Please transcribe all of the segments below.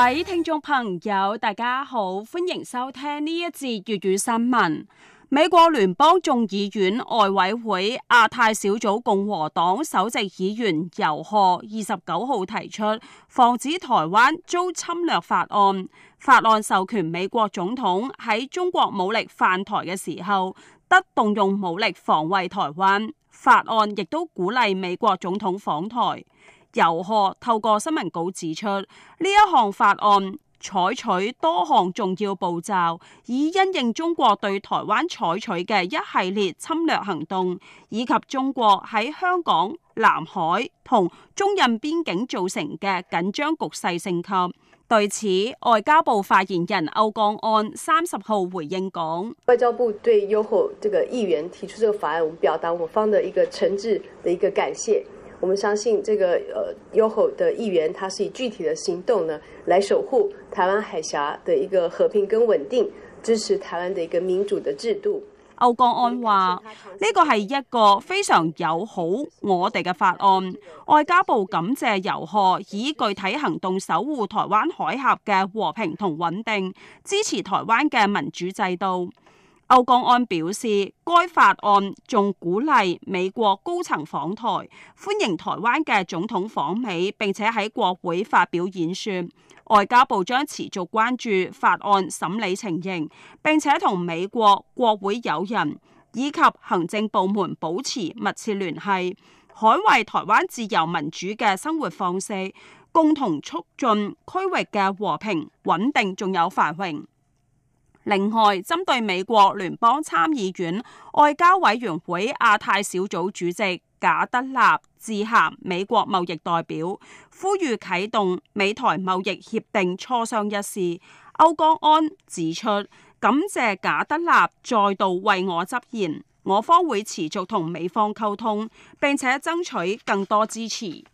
各位聽眾朋友，大家好，歡迎收聽呢一節粵語新聞。美國聯邦眾議院外委會亞太小組共和黨首席議員尤賀二十九號提出防止台灣遭侵略法案，法案授權美國總統喺中國武力犯台嘅時候得動用武力防衛台灣。法案亦都鼓勵美國總統訪台。游賀透過新聞稿指出，呢一項法案採取多項重要步驟，以因應中國對台灣採取嘅一系列侵略行動，以及中國喺香港、南海同中印邊境造成嘅緊張局勢升級。對此，外交部發言人歐江安三十號回應講：外交部對游賀這個議員提出這個法案，我表達我方嘅一個誠摯嘅一個感謝。我們相信，這個呃，尤霍的議員，他是以具體的行動呢，來守護台灣海峽的一個和平跟穩定，支持台灣的一個民主的制度。歐江安話，呢個係一個非常友好我哋嘅法案，外交部感謝尤霍以具體行動守護台灣海峽嘅和平同穩定，支持台灣嘅民主制度。歐江安表示，該法案仲鼓勵美國高層訪台，歡迎台灣嘅總統訪美，並且喺國會發表演說。外交部將持續關注法案審理情形，並且同美國國會友人以及行政部門保持密切聯繫，捍衛台灣自由民主嘅生活方式，共同促進區域嘅和平、穩定仲有繁榮。另外，針對美國聯邦參議院外交委員會亞太小組主席賈德納致函美國貿易代表，呼籲啟動美台貿易協定磋商一事，歐江安指出感謝賈德納再度為我執言，我方會持續同美方溝通並且爭取更多支持。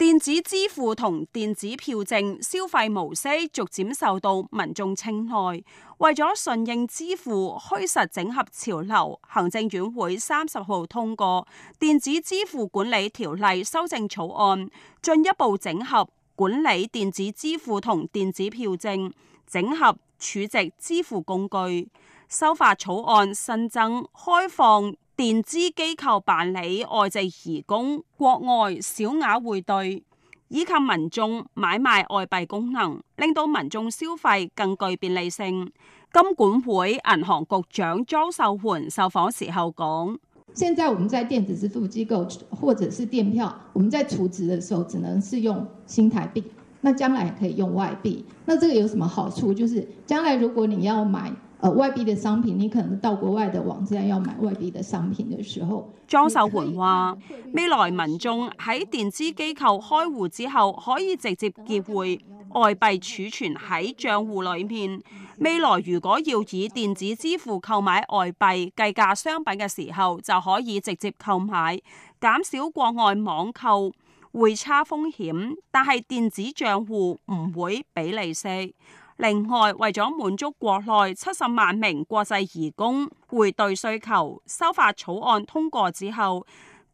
電子支付同電子票證消費模式逐漸受到民眾青睞，為咗順應支付虛實整合潮流，行政院會三十號通過電子支付管理條例修正草案，進一步整合管理電子支付同電子票證，整合儲值支付工具。修法草案新增開放。電支機構辦理外籍移工、國外小額匯兌以及民眾買賣外幣功能，令到民眾消費更具便利性。金管會銀行局長莊秀媛受訪時候講：現在我們在電子支付機構或者是電票，我們在儲值的時候只能是用新台幣，那將來可以用外幣。那這個有什麼好處？就是將來如果你要買。外幣的商品，你可能到國外的網站要買外幣的商品的時候，莊秀媛話：未來民眾喺電子機構開戶之後，可以直接結匯外幣儲存喺帳戶裡面。未來如果要以電子支付購買外幣計價商品嘅時候，就可以直接購買，減少國外網購匯差風險。但係電子帳戶唔會俾利息。另外，為咗滿足國內七十萬名國際移工匯兌需求，修法草案通過之後，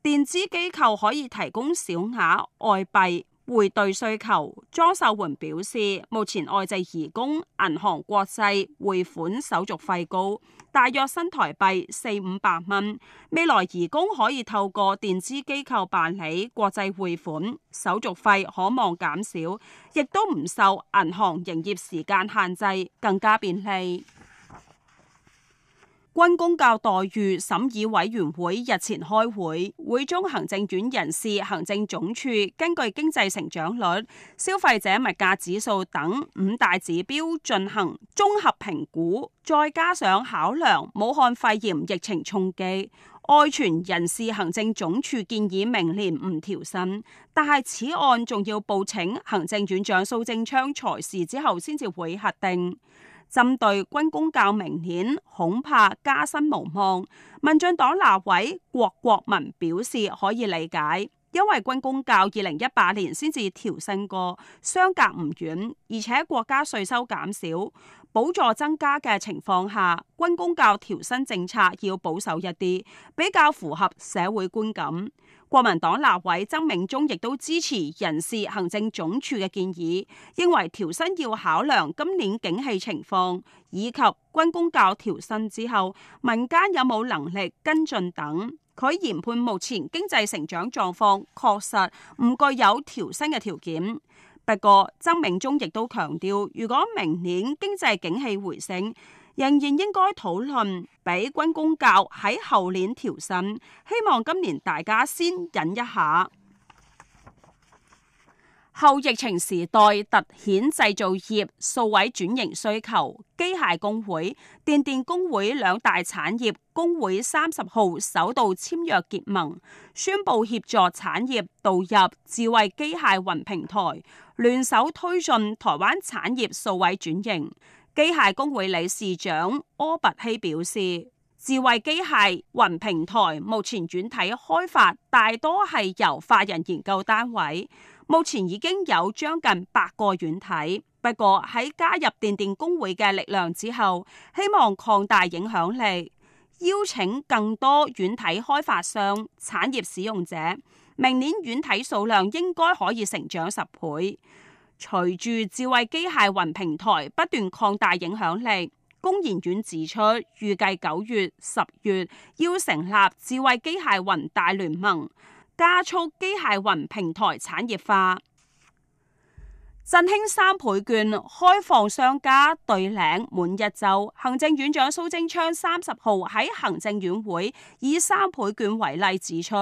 電子機構可以提供小額外幣。匯兌需求，莊秀雲表示，目前外籍移工銀行國際匯款手續費高，大約新台幣四五百蚊。未來移工可以透過電子機構辦理國際匯款，手續費可望減少，亦都唔受銀行營業時間限制，更加便利。軍公教待遇審議委員會日前開會，會中行政院人事行政總處根據經濟成長率、消費者物價指數等五大指標進行綜合評估，再加上考量武漢肺炎疫情衝擊，外傳人事行政總處建議明年唔調薪，但係此案仲要報請行政院長蘇貞昌裁示之後，先至會核定。針對軍公教明顯恐怕加薪無望，民進黨立委郭國文表示可以理解，因為軍公教二零一八年先至調薪過，相隔唔遠，而且國家稅收減少、補助增加嘅情況下，軍公教調薪政策要保守一啲，比較符合社會觀感。國民黨立委曾銘中亦都支持人事行政總處嘅建議，認為調薪要考量今年景氣情況，以及軍公教調薪之後民間有冇能力跟進等。佢研判目前經濟成長狀況確實唔具有調薪嘅條件。不過，曾銘中亦都強調，如果明年經濟景氣回升，仍然應該討論俾軍公教喺後年調薪，希望今年大家先忍一下。後疫情時代突顯製造業數位轉型需求，機械公會、電電公會兩大產業公會三十號首度簽約結盟，宣布協助產業導入智慧機械雲平台，聯手推進台灣產業數位轉型。機械工會理事長柯拔希表示，智慧機械雲平台目前軟體開發大多係由法人研究單位，目前已經有將近百個軟體。不過喺加入電電工會嘅力量之後，希望擴大影響力，邀請更多軟體開發商、產業使用者。明年軟體數量應該可以成長十倍。隨住智慧機械雲平台不斷擴大影響力，工研院指出，預計九月、十月要成立智慧機械雲大聯盟，加速機械雲平台產業化。振興三倍券開放商家兌領滿一周，行政院長蘇貞昌三十號喺行政院會以三倍券為例指出。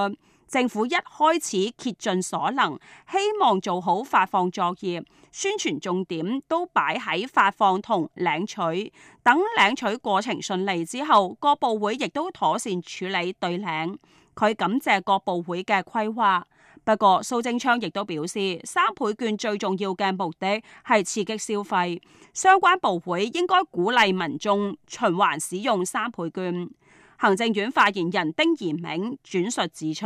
政府一開始竭盡所能，希望做好發放作業，宣傳重點都擺喺發放同領取。等領取過程順利之後，各部會亦都妥善處理兌領。佢感謝各部會嘅規劃。不過蘇貞昌亦都表示，三倍券最重要嘅目的係刺激消費，相關部會應該鼓勵民眾循環使用三倍券。行政院發言人丁賢明轉述指出，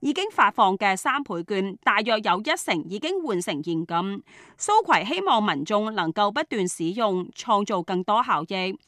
已經發放嘅三倍券大約有一成已經換成現金。蘇揆希望民眾能夠不斷使用，創造更多效益。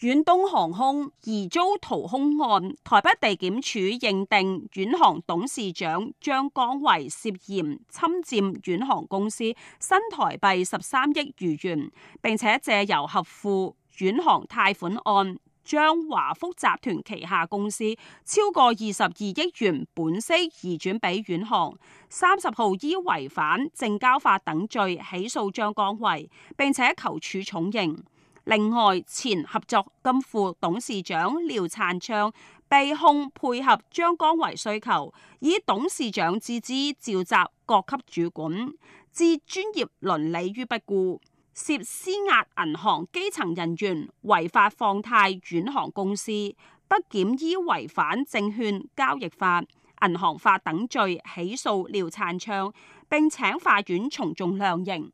遠東航空疑遭掏空案，台北地檢署認定遠航董事長張綱維涉嫌侵占遠航公司新台幣十三億餘元，並且借由合庫遠航貸款案。將華福集團旗下公司超過二十二億元本息移轉俾遠航，三十號依違反證交法等罪起訴張綱維，並且求處重刑。另外，前合作金庫董事長廖燦昌被控配合張綱維需求，以董事長之姿召集各級主管，置專業倫理於不顧。涉施壓銀行基層人員違法放貸，遠航公司，不檢依違反證券交易法、銀行法等罪起訴廖燦昌，並請法院從重量刑。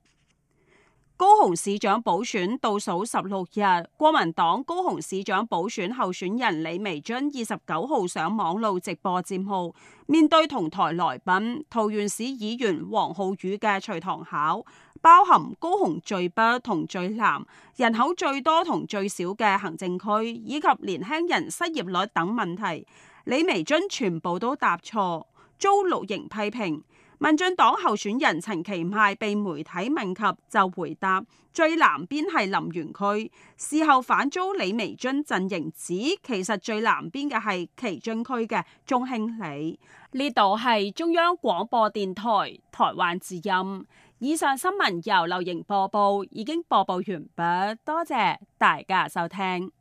高雄市長補選倒數十六日，國民黨高雄市長補選候選人李眉蓁二十九號上網路直播占號，面對同台來賓桃園市議員王浩宇嘅隨堂考，包含高雄最北同最南、人口最多同最少嘅行政區，以及年輕人失業率等問題，李眉蓁全部都答錯，遭綠營批評。民進黨候選人陳其邁被媒體問及就回答：最南邊係林園區。事後反遭李眉蓁陣營指，其實最南邊嘅係旗津區嘅中興里。呢度係中央廣播電台台灣之音。以上新聞由劉瑩播報，已經播報完畢，多謝大家收聽。